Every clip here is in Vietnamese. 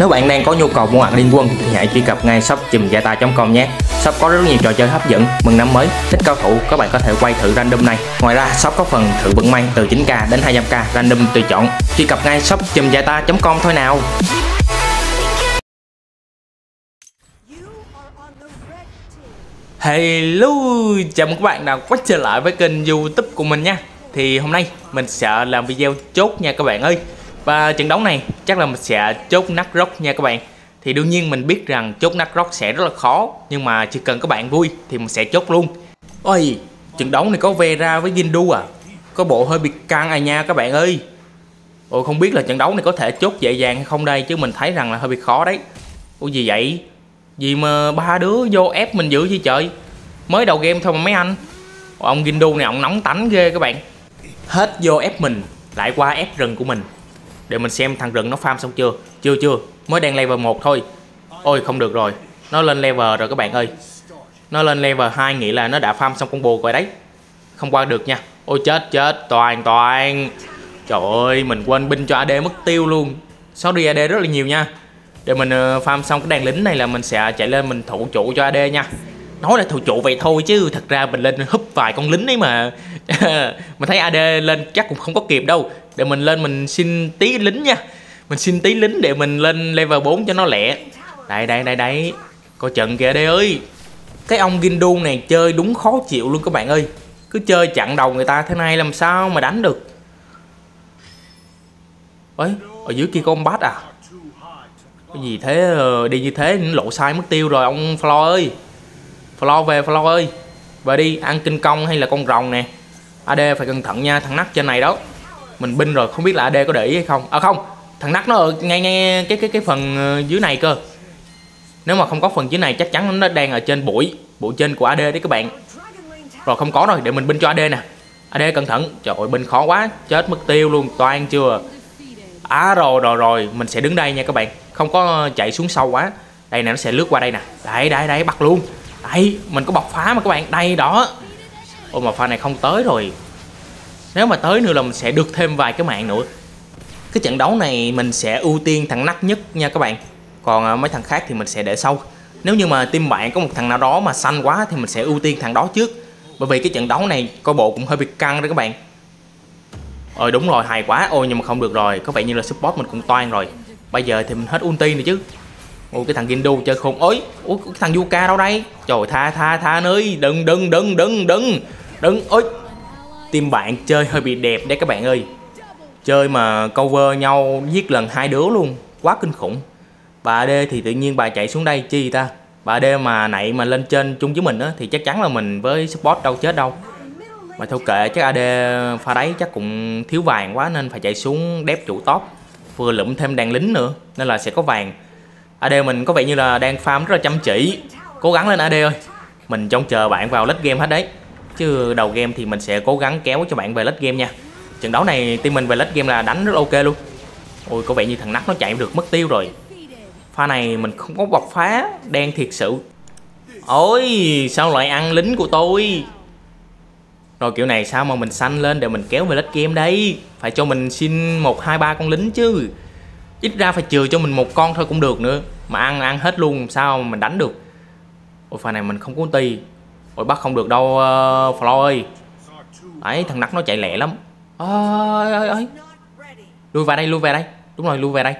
Nếu bạn đang có nhu cầu mua hàng liên quân thì hãy truy cập ngay shop chùm com nhé. Shop có rất nhiều trò chơi hấp dẫn, mừng năm mới, thích cao thủ các bạn có thể quay thử random này. Ngoài ra shop có phần thử vận may từ 9k đến 200k random tùy chọn. Truy cập ngay shop chùm com thôi nào. Hello, chào mừng các bạn đã quay trở lại với kênh youtube của mình nha Thì hôm nay mình sẽ làm video chốt nha các bạn ơi và trận đấu này chắc là mình sẽ chốt nát rock nha các bạn Thì đương nhiên mình biết rằng chốt nát rock sẽ rất là khó Nhưng mà chỉ cần các bạn vui thì mình sẽ chốt luôn Ôi, trận đấu này có về ra với Gindu à Có bộ hơi bị căng à nha các bạn ơi Ồ không biết là trận đấu này có thể chốt dễ dàng hay không đây Chứ mình thấy rằng là hơi bị khó đấy Ủa gì vậy Gì mà ba đứa vô ép mình dữ vậy trời Mới đầu game thôi mà mấy anh Ồ, Ông Gindu này ông nóng tánh ghê các bạn Hết vô ép mình Lại qua ép rừng của mình để mình xem thằng rừng nó farm xong chưa chưa chưa mới đang level 1 thôi ôi không được rồi nó lên level rồi các bạn ơi nó lên level 2 nghĩa là nó đã farm xong combo rồi đấy không qua được nha ôi chết chết toàn toàn trời ơi mình quên binh cho AD mất tiêu luôn sorry AD rất là nhiều nha để mình ờ, farm xong cái đàn lính này là mình sẽ chạy lên mình thủ chủ cho AD nha nói là thù trụ vậy thôi chứ thật ra mình lên húp vài con lính ấy mà mình thấy ad lên chắc cũng không có kịp đâu để mình lên mình xin tí lính nha mình xin tí lính để mình lên level 4 cho nó lẹ đây đây đây đây coi trận kìa đây ơi cái ông gindu này chơi đúng khó chịu luôn các bạn ơi cứ chơi chặn đầu người ta thế này làm sao mà đánh được ấy ở dưới kia có ông bát à cái gì thế ờ, đi như thế lộ sai mất tiêu rồi ông flo ơi Flo về Flo ơi Về đi ăn kinh công hay là con rồng nè AD phải cẩn thận nha thằng nắc trên này đó Mình binh rồi không biết là AD có để ý hay không À không thằng nắc nó ở ngay ngay cái cái cái phần ờ, dưới này cơ Nếu mà không có phần dưới này chắc chắn nó đang ở trên bụi Bụi trên của AD đấy các bạn Rồi không có rồi để mình binh cho AD nè AD cẩn thận Trời ơi binh khó quá chết mất tiêu luôn toan chưa À rồi rồi rồi mình sẽ đứng đây nha các bạn Không có chạy xuống sâu quá Đây nè nó sẽ lướt qua đây nè Đấy đấy đấy bắt luôn đây mình có bọc phá mà các bạn đây đó ôi mà pha này không tới rồi nếu mà tới nữa là mình sẽ được thêm vài cái mạng nữa cái trận đấu này mình sẽ ưu tiên thằng nắc nhất nha các bạn còn à, mấy thằng khác thì mình sẽ để sau nếu như mà team bạn có một thằng nào đó mà xanh quá thì mình sẽ ưu tiên thằng đó trước bởi vì cái trận đấu này coi bộ cũng hơi bị căng đó các bạn ôi ờ, đúng rồi hài quá ôi nhưng mà không được rồi có vẻ như là support mình cũng toan rồi bây giờ thì mình hết ulti rồi chứ Ôi cái thằng Gendo chơi khôn ối Ôi cái thằng Yuka đâu đây Trời tha tha tha nơi Đừng đừng đừng đừng đừng Đừng ôi Team bạn chơi hơi bị đẹp đấy các bạn ơi Chơi mà cover nhau giết lần hai đứa luôn Quá kinh khủng Bà D thì tự nhiên bà chạy xuống đây chi ta Bà D mà nãy mà lên trên chung với mình á Thì chắc chắn là mình với support đâu chết đâu Mà thôi kệ chắc AD pha đấy chắc cũng thiếu vàng quá Nên phải chạy xuống đép chủ top Vừa lụm thêm đàn lính nữa Nên là sẽ có vàng AD mình có vẻ như là đang farm rất là chăm chỉ Cố gắng lên AD ơi Mình trông chờ bạn vào late game hết đấy Chứ đầu game thì mình sẽ cố gắng kéo cho bạn về late game nha Trận đấu này team mình về late game là đánh rất ok luôn Ôi có vẻ như thằng nắp nó chạy được mất tiêu rồi Pha này mình không có bọc phá Đen thiệt sự Ôi sao lại ăn lính của tôi Rồi kiểu này sao mà mình xanh lên để mình kéo về late game đây Phải cho mình xin một hai ba con lính chứ ít ra phải chừa cho mình một con thôi cũng được nữa mà ăn ăn hết luôn sao mà mình đánh được ôi phần này mình không có tì, ôi bắt không được đâu uh, flo ơi ấy thằng nắc nó chạy lẹ lắm ơi ơi ơi lui về đây lui về đây đúng rồi lui về đây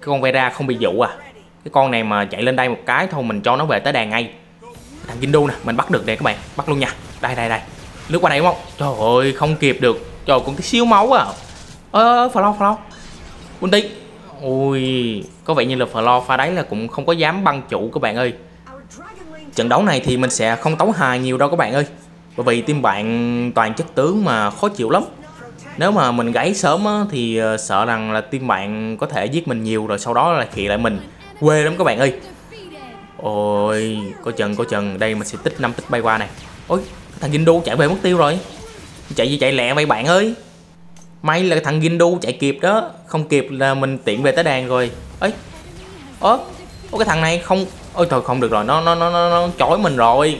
cái con vera không bị dụ à cái con này mà chạy lên đây một cái thôi mình cho nó về tới đàn ngay thằng Gindu nè mình bắt được nè các bạn bắt luôn nha đây đây đây lướt qua đây đúng không trời ơi không kịp được trời còn cái xíu máu à ơi ơi follow follow Quýnh tí Ui Có vẻ như là lo pha đáy là cũng không có dám băng chủ các bạn ơi Trận đấu này thì mình sẽ không tấu hài nhiều đâu các bạn ơi Bởi vì team bạn toàn chất tướng mà khó chịu lắm Nếu mà mình gáy sớm á, thì ờ, sợ rằng là team bạn có thể giết mình nhiều rồi sau đó là khị lại mình Quê lắm các bạn ơi Ôi Có chừng có chừng Đây mình sẽ tích 5 tích bay qua này Ôi thằng Gindo chạy về mất tiêu rồi Chạy gì chạy lẹ vậy bạn ơi May là thằng Gindu chạy kịp đó Không kịp là mình tiện về tới đàn rồi ấy ớ Ô cái thằng này không Ôi trời không được rồi nó nó nó nó, nó chói mình rồi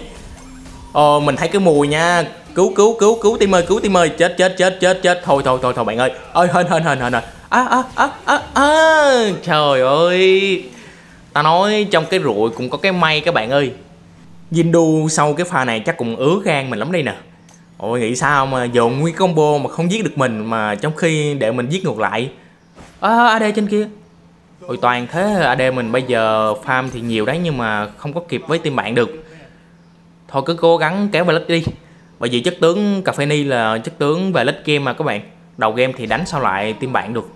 Ờ mình thấy cái mùi nha Cứu cứu cứu cứu tim ơi cứu tim ơi Chết chết chết chết chết Thôi thôi thôi thôi bạn ơi Ôi hên hên hên hên hên À, à, à, à, à. Trời ơi Ta nói trong cái ruồi cũng có cái may các bạn ơi Jindu sau cái pha này chắc cũng ứa gan mình lắm đây nè Ôi nghĩ sao mà dồn nguyên combo mà không giết được mình mà trong khi để mình giết ngược lại Ờ à, AD trên kia Ôi toàn thế AD mình bây giờ farm thì nhiều đấy nhưng mà không có kịp với team bạn được Thôi cứ cố gắng kéo về lít đi Bởi vì chất tướng cà phê ni là chất tướng về lít game mà các bạn Đầu game thì đánh sao lại team bạn được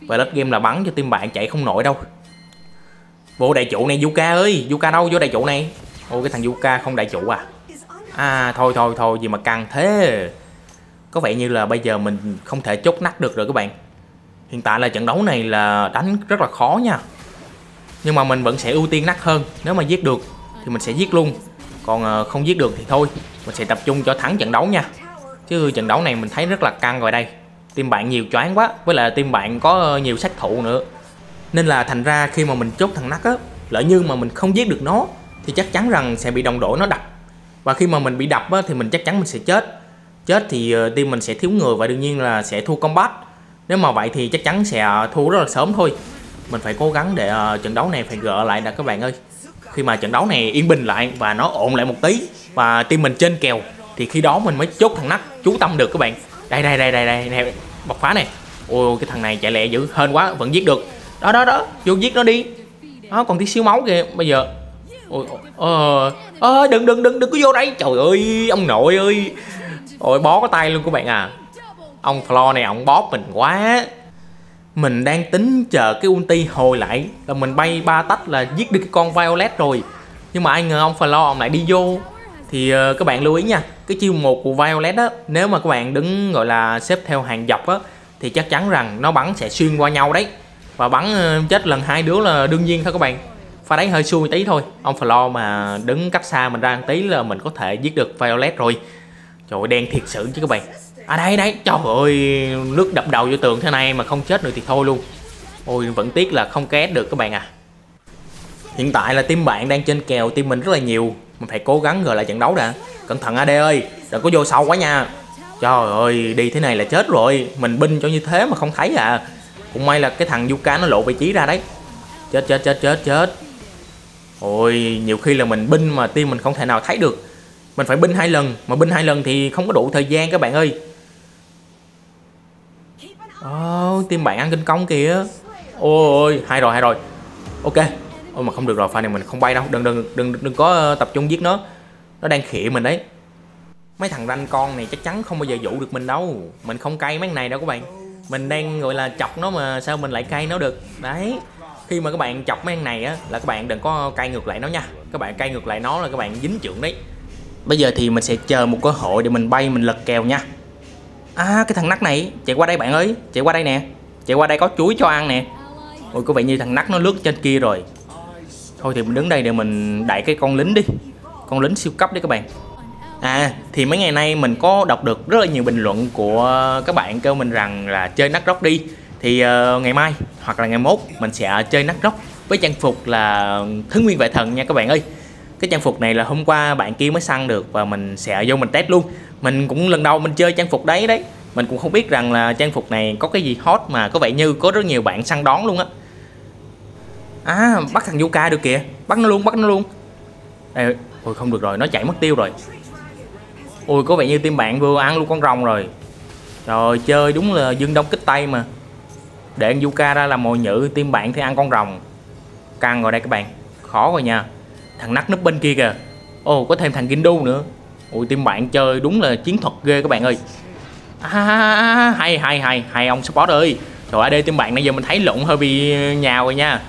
Về lít game là bắn cho team bạn chạy không nổi đâu Vô đại chủ này Yuka ơi Yuka đâu vô đại chủ này Ôi cái thằng Yuka không đại chủ à À thôi thôi thôi gì mà căng thế Có vẻ như là bây giờ mình không thể chốt nách được rồi các bạn Hiện tại là trận đấu này là đánh rất là khó nha Nhưng mà mình vẫn sẽ ưu tiên nách hơn Nếu mà giết được thì mình sẽ giết luôn Còn ờ, không giết được thì thôi Mình sẽ tập trung cho thắng trận đấu nha Chứ trận đấu này mình thấy rất là căng rồi đây Team bạn nhiều choáng quá Với lại team bạn có ờ, nhiều sát thủ nữa Nên là thành ra khi mà mình chốt thằng nắc á Lỡ như mà mình không giết được nó Thì chắc chắn rằng sẽ bị đồng đội nó đập và khi mà mình bị đập á, thì mình chắc chắn mình sẽ chết chết thì ờ, team mình sẽ thiếu người và đương nhiên là sẽ thua combat nếu mà vậy thì chắc chắn sẽ ờ, thua rất là sớm thôi mình phải cố gắng để uh, trận đấu này phải gỡ lại đã các bạn ơi khi mà trận đấu này yên bình lại và nó ổn lại một tí và team mình trên kèo thì khi đó mình mới chốt thằng nắc chú tâm được các bạn đây đây đây đây đây nè bọc phá này ôi cái thằng này chạy lẹ dữ hên quá vẫn giết được đó đó đó vô giết nó đi nó còn tí xíu máu kìa bây giờ ôi ờ à, đừng đừng đừng đừng có vô đây trời ơi ông nội ơi ôi bó cái tay luôn các bạn à ông Flo này ông bóp mình quá mình đang tính chờ cái ulti hồi lại là mình bay ba tách là giết được cái con Violet rồi nhưng mà ai ngờ ông Flo ông lại đi vô thì uh, các bạn lưu ý nha cái chiêu một của Violet á nếu mà các bạn đứng gọi là xếp theo hàng dọc á thì chắc chắn rằng nó bắn sẽ xuyên qua nhau đấy và bắn ờ, chết lần hai đứa là đương nhiên thôi các bạn pha đáy hơi xui tí thôi ông Flo mà đứng cách xa mình ra một tí là mình có thể giết được Violet rồi trời ơi đen thiệt sự chứ các bạn à đây đấy trời ơi nước đập đầu vô tường thế này mà không chết được thì thôi luôn ôi vẫn tiếc là không két được các bạn à hiện tại là team bạn đang trên kèo team mình rất là nhiều mình phải cố gắng gỡ lại trận đấu đã cẩn thận AD ơi đừng có vô sâu quá nha trời ơi đi thế này là chết rồi mình binh cho như thế mà không thấy à cũng may là cái thằng Yuka nó lộ vị trí ra đấy chết chết chết chết chết ôi nhiều khi là mình binh mà tim mình không thể nào thấy được mình phải binh hai lần mà binh hai lần thì không có đủ thời gian các bạn ơi Ồ, ờ, oh, team bạn ăn kinh công kìa Ôi ôi, hay rồi, hai rồi Ok Ôi mà không được rồi, pha này mình không bay đâu Đừng đừng đừng đừng có ờ, tập trung giết nó Nó đang khịa mình đấy Mấy thằng ranh con này chắc chắn không bao giờ dụ được mình đâu Mình không cay mấy này đâu các bạn Mình đang gọi là chọc nó mà sao mình lại cay nó được Đấy khi mà các bạn chọc mấy ăn này á là các bạn đừng có cay ngược lại nó nha các bạn cay ngược lại nó là các bạn dính trưởng đấy bây giờ thì mình sẽ chờ một cơ hội để mình bay mình lật kèo nha à cái thằng nắc này chạy qua đây bạn ơi chạy qua đây nè chạy qua đây có chuối cho ăn nè ôi có vẻ như thằng nắc nó lướt trên kia rồi thôi thì mình đứng đây để mình đẩy cái con lính đi con lính siêu cấp đấy các bạn À thì mấy ngày nay mình có đọc được rất là nhiều bình luận của các bạn kêu mình rằng là chơi nắc rock đi Thì uh, ngày mai hoặc là ngày mốt mình sẽ chơi nắt rock với trang phục là thứ nguyên vệ thần nha các bạn ơi cái trang phục này là hôm qua bạn kia mới săn được và mình sẽ vô mình test luôn mình cũng lần đầu mình chơi trang phục đấy đấy mình cũng không biết rằng là trang phục này có cái gì hot mà có vẻ như có rất nhiều bạn săn đón luôn á à bắt thằng Yuka được kìa bắt nó luôn bắt nó luôn Ê, ôi không được rồi nó chạy mất tiêu rồi ôi có vẻ như team bạn vừa ăn luôn con rồng rồi rồi chơi đúng là dương đông kích tay mà để con Yuka ra là mồi nhự team bạn thì ăn con rồng căng rồi đây các bạn khó rồi nha thằng nắc nấp bên kia kìa ồ có thêm thằng Gindu nữa ui team bạn chơi đúng là chiến thuật ghê các bạn ơi à, hay hay hay hay ông support ơi trời ơi đây team bạn nãy giờ mình thấy lộn hơi bị nhào rồi nha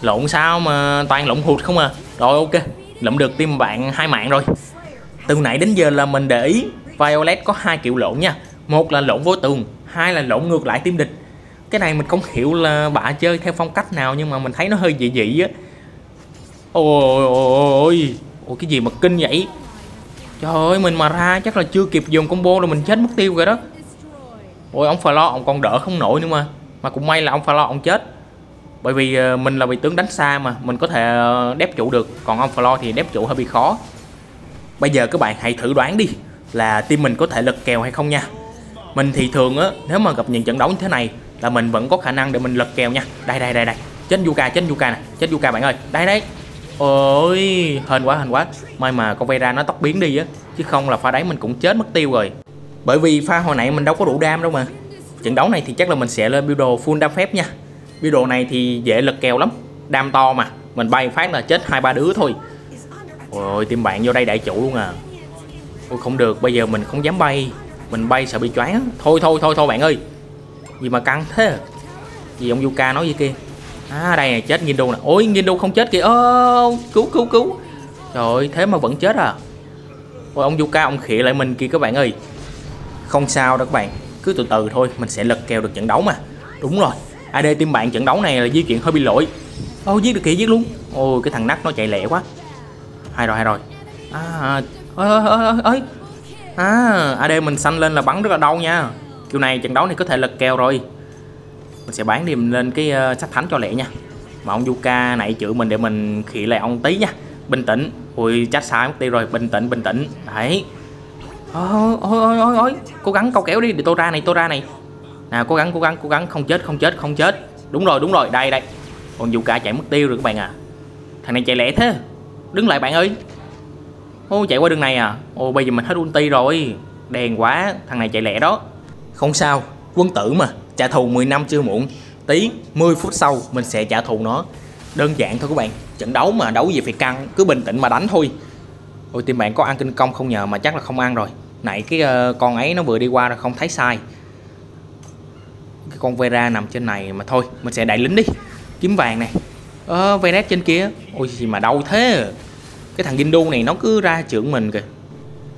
lộn sao mà toàn lộn hụt không à rồi ok lộn được team bạn hai mạng rồi từ nãy đến giờ là mình để ý Violet có hai kiểu lộn nha một là lộn vô tường hai là lộn ngược lại team địch cái này mình không hiểu là bà chơi theo phong cách nào nhưng mà mình thấy nó hơi dị dị á ôi ôi ôi cái gì mà kinh vậy trời ơi mình mà ra chắc là chưa kịp dùng combo rồi mình chết mất tiêu rồi đó ôi ông phải lo ông còn đỡ không nổi nữa mà mà cũng may là ông phải lo ông chết bởi vì ờ, mình là bị tướng đánh xa mà mình có thể ờ, đép trụ được còn ông phải lo thì đép trụ hơi bị khó bây giờ các bạn hãy thử đoán đi là team mình có thể lật kèo hay không nha mình thì thường á nếu mà gặp những trận đấu như thế này là mình vẫn có khả năng để mình lật kèo nha đây đây đây đây chết Yuka chết Yuka nè chết Yuka bạn ơi đây đấy ôi hên quá hên quá may mà con Vera nó tóc biến đi á chứ không là pha đấy mình cũng chết mất tiêu rồi bởi vì pha hồi nãy mình đâu có đủ đam đâu mà trận đấu này thì chắc là mình sẽ lên build đồ full đam phép nha build đồ này thì dễ lật kèo lắm đam to mà mình bay phát là chết hai ba đứa thôi ôi tim bạn vô đây đại chủ luôn à ôi không được bây giờ mình không dám bay mình bay sợ bị choáng thôi thôi thôi thôi bạn ơi gì mà căng thế gì ông Yuka nói gì kia à đây này chết Gindu nè ôi Gindu không chết kìa ô cứu cứu cứu trời thế mà vẫn chết à ôi ông Yuka ông khịa lại mình kìa các bạn ơi không sao đâu các bạn cứ từ từ thôi mình sẽ lật kèo được trận đấu mà đúng rồi AD team bạn trận đấu này là di chuyển hơi bị lỗi ô giết được kìa giết luôn ôi cái thằng nắc nó chạy lẹ quá hay rồi hay rồi à ơi ơi ơi ơi à AD mình xanh lên là bắn rất là đau nha kiểu này trận đấu này có thể lật kèo rồi mình sẽ bán điểm lên cái uh, sách thánh cho lẹ nha mà ông Yuka nãy chữ mình để mình khỉ lại ông tí nha bình tĩnh ui chắc sai mất tiêu rồi bình tĩnh bình tĩnh đấy ôi ôi ôi ôi cố gắng câu kéo đi để tôi ra này tôi ra này nào cố gắng cố gắng cố gắng không chết không chết không chết đúng rồi đúng rồi đây đây còn Yuka chạy mất tiêu rồi các bạn à thằng này chạy lẹ thế đứng lại bạn ơi ô chạy qua đường này à ô bây giờ mình hết ulti rồi đèn quá thằng này chạy lẹ đó không sao, quân tử mà, trả thù 10 năm chưa muộn. Tí 10 phút sau mình sẽ trả thù nó. Đơn giản thôi các bạn, trận đấu mà đấu gì phải căng, cứ bình tĩnh mà đánh thôi. Ôi team bạn có ăn kinh công không nhờ mà chắc là không ăn rồi. Nãy cái uh, con ấy nó vừa đi qua rồi không thấy sai. Cái con Vera nằm trên này mà thôi, mình sẽ đẩy lính đi. Kiếm vàng này. Ờ Vera trên kia. Ôi gì mà đau thế. Cái thằng Gindu này nó cứ ra trưởng mình kìa.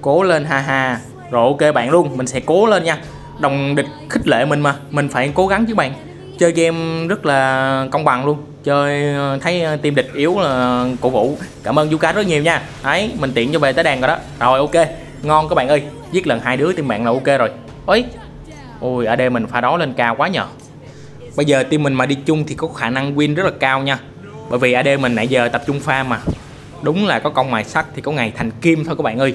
Cố lên ha ha. Rồi ok bạn luôn, mình sẽ cố lên nha đồng địch khích lệ mình mà mình phải cố gắng chứ bạn chơi game rất là công bằng luôn chơi ờ, thấy ờ, team địch yếu là cổ vũ cảm ơn Yuka rất nhiều nha ấy mình tiện cho về tới đàn rồi đó rồi ok ngon các bạn ơi giết lần hai đứa team bạn là ok rồi ấy ôi ở đây mình pha đó lên cao quá nhờ bây giờ team mình mà đi chung thì có khả năng win rất là cao nha bởi vì AD mình nãy giờ tập trung pha mà đúng là có công mài sắt thì có ngày thành kim thôi các bạn ơi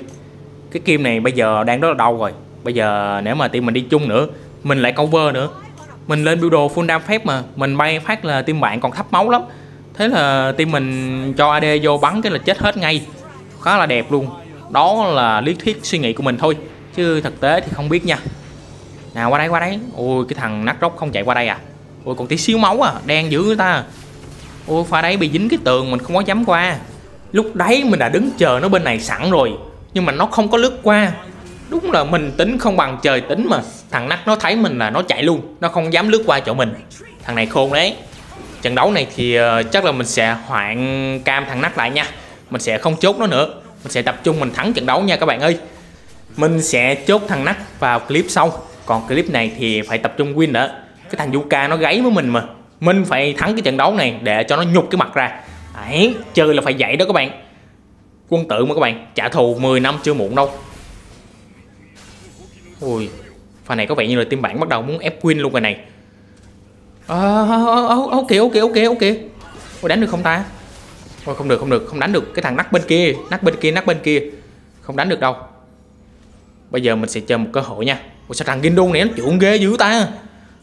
cái kim này bây giờ đang rất là đau rồi bây giờ nếu mà team mình đi chung nữa mình lại cover nữa mình lên biểu đồ full đam phép mà mình bay phát là team bạn còn thấp máu lắm thế là team mình cho AD vô bắn cái là chết hết ngay khá là đẹp luôn đó là lý thuyết suy nghĩ của mình thôi chứ thực tế thì không biết nha nào qua đây qua đấy ôi cái thằng nát rốc không chạy qua đây à ôi còn tí xíu máu à đen dữ người ta ôi pha đấy bị dính cái tường mình không có dám qua lúc đấy mình đã đứng chờ nó bên này sẵn rồi nhưng mà nó không có lướt qua đúng là mình tính không bằng trời tính mà thằng nắc nó thấy mình là nó chạy luôn nó không dám lướt qua chỗ mình thằng này khôn đấy trận đấu này thì ờ, chắc là mình sẽ hoạn cam thằng nắc lại nha mình sẽ không chốt nó nữa mình sẽ tập trung mình thắng trận đấu nha các bạn ơi mình sẽ chốt thằng nắc vào clip sau còn clip này thì phải tập trung win nữa cái thằng Yuka nó gáy với mình mà mình phải thắng cái trận đấu này để cho nó nhục cái mặt ra đấy chơi là phải dạy đó các bạn quân tử mà các bạn trả thù 10 năm chưa muộn đâu Ui Pha này có vẻ như là team bản bắt đầu muốn ép win luôn rồi này à, à, à, à, Ok ok ok ok Ôi đánh được không ta Ôi không được không được không đánh được Cái thằng nắc bên kia Nắc bên kia nắc bên kia Không đánh được đâu Bây giờ mình sẽ chờ một cơ hội nha Ủa sao thằng Gindon này nó chuộng ghê dữ ta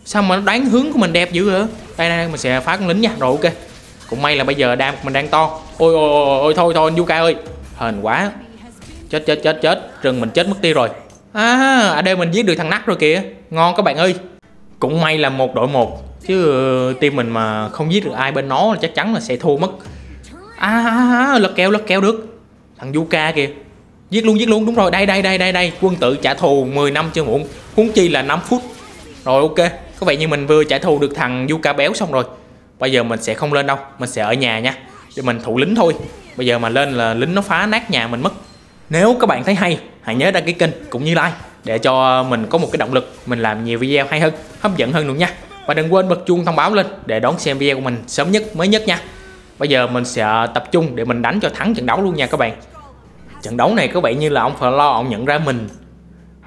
Sao mà nó đoán hướng của mình đẹp dữ hả Đây đây mình sẽ phá con lính nha Rồi ok Cũng may là bây giờ đam mình đang to Ôi ôi ôi, ôi thôi thôi anh Yuka ơi Hên quá Chết chết chết chết Rừng mình chết mất tiêu rồi À, ở đây mình giết được thằng nắc rồi kìa. Ngon các bạn ơi. Cũng may là một đội một chứ ờ, team mình mà không giết được ai bên nó là chắc chắn là sẽ thua mất. À, à, à, à lật kèo lật kèo được. Thằng Yuka kìa. Giết luôn giết luôn đúng rồi. Đây đây đây đây đây, quân tự trả thù 10 năm chưa muộn. Huống chi là 5 phút. Rồi ok. Có vẻ như mình vừa trả thù được thằng Yuka béo xong rồi. Bây giờ mình sẽ không lên đâu, mình sẽ ở nhà nha. Để mình thủ lính thôi. Bây giờ mà lên là lính nó phá nát nhà mình mất. Nếu các bạn thấy hay hãy nhớ đăng ký kênh cũng như like để cho mình có một cái động lực mình làm nhiều video hay hơn hấp dẫn hơn luôn nha và đừng quên bật chuông thông báo lên để đón xem video của mình sớm nhất mới nhất nha bây giờ mình sẽ tập trung để mình đánh cho thắng trận đấu luôn nha các bạn trận đấu này có vẻ như là ông phải lo ông nhận ra mình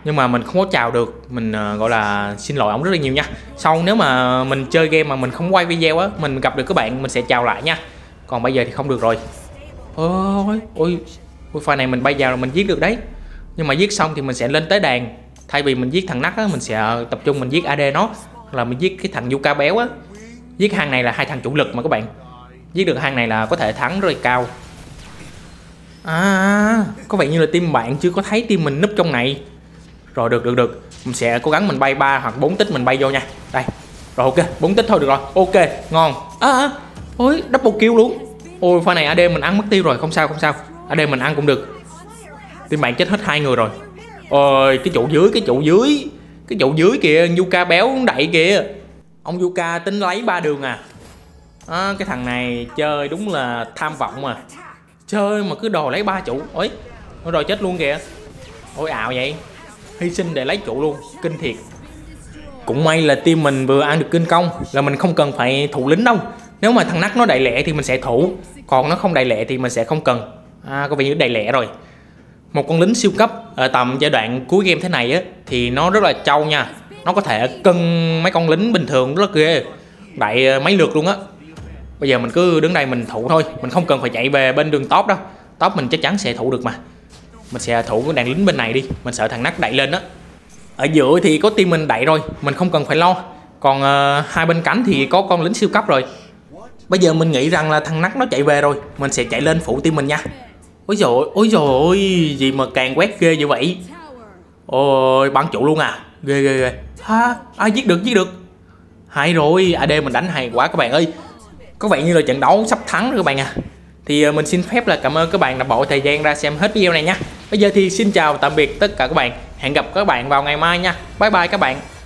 nhưng mà mình không có chào được mình ờ, gọi là xin lỗi ông rất là nhiều nha sau nếu mà mình chơi game mà mình không quay video á mình gặp được các bạn mình sẽ chào lại nha còn bây giờ thì không được rồi ôi ôi ôi pha này mình bay vào là mình giết được đấy nhưng mà viết xong thì mình sẽ lên tới đàn thay vì mình viết thằng nắc á mình sẽ tập trung mình viết ad nó là mình viết cái thằng ca béo á viết hàng này là hai thằng chủ lực mà các bạn viết được hàng này là có thể thắng rơi cao à có vẻ như là team bạn chưa có thấy team mình núp trong này rồi được được được mình sẽ cố gắng mình bay 3 hoặc 4 tích mình bay vô nha đây rồi ok 4 tích thôi được rồi ok ngon à, à ôi double kill luôn ôi pha này AD mình ăn mất tiêu rồi không sao không sao AD mình ăn cũng được Phiên bạn chết hết hai người rồi Ôi cái chỗ dưới cái chỗ dưới Cái chỗ dưới kìa Yuka béo cũng đậy kìa Ông Yuka tính lấy ba đường à à Cái thằng này chơi đúng là tham vọng mà Chơi mà cứ đồ lấy ba trụ Ôi rồi chết luôn kìa Ôi ảo vậy Hy sinh để lấy trụ luôn Kinh thiệt Cũng may là team mình vừa ăn được kinh công Là mình không cần phải thủ lính đâu Nếu mà thằng nắc nó đại lẹ thì mình sẽ thủ Còn nó không đại lẹ thì mình sẽ không cần À có vẻ như đầy lẹ rồi một con lính siêu cấp ở ờ, tầm giai đoạn cuối game thế này á thì nó rất là trâu nha nó có thể cân mấy con lính bình thường rất là ghê đại ờ, mấy lượt luôn á bây giờ mình cứ đứng đây mình thủ thôi mình không cần phải chạy về bên đường top đâu top mình chắc chắn sẽ thủ được mà mình sẽ thủ cái đàn lính bên này đi mình sợ thằng nắc đẩy lên á ở giữa thì có team mình đẩy rồi mình không cần phải lo còn uh, hai bên cánh thì có con lính siêu cấp rồi bây giờ mình nghĩ rằng là thằng nắc nó chạy về rồi mình sẽ chạy lên phụ team mình nha Ôi dồi ôi dồi ôi Gì mà càng quét ghê như vậy Ôi bắn trụ luôn à Ghê ghê ghê Ha à, giết được giết được Hay rồi AD mình đánh hay quá các bạn ơi Có vẻ như là trận đấu sắp thắng rồi các bạn à Thì ờ, mình xin phép là cảm ơn các bạn đã bỏ thời gian ra xem hết video này nha Bây giờ thì xin chào tạm biệt tất cả các bạn Hẹn gặp các bạn vào ngày mai nha Bye bye các bạn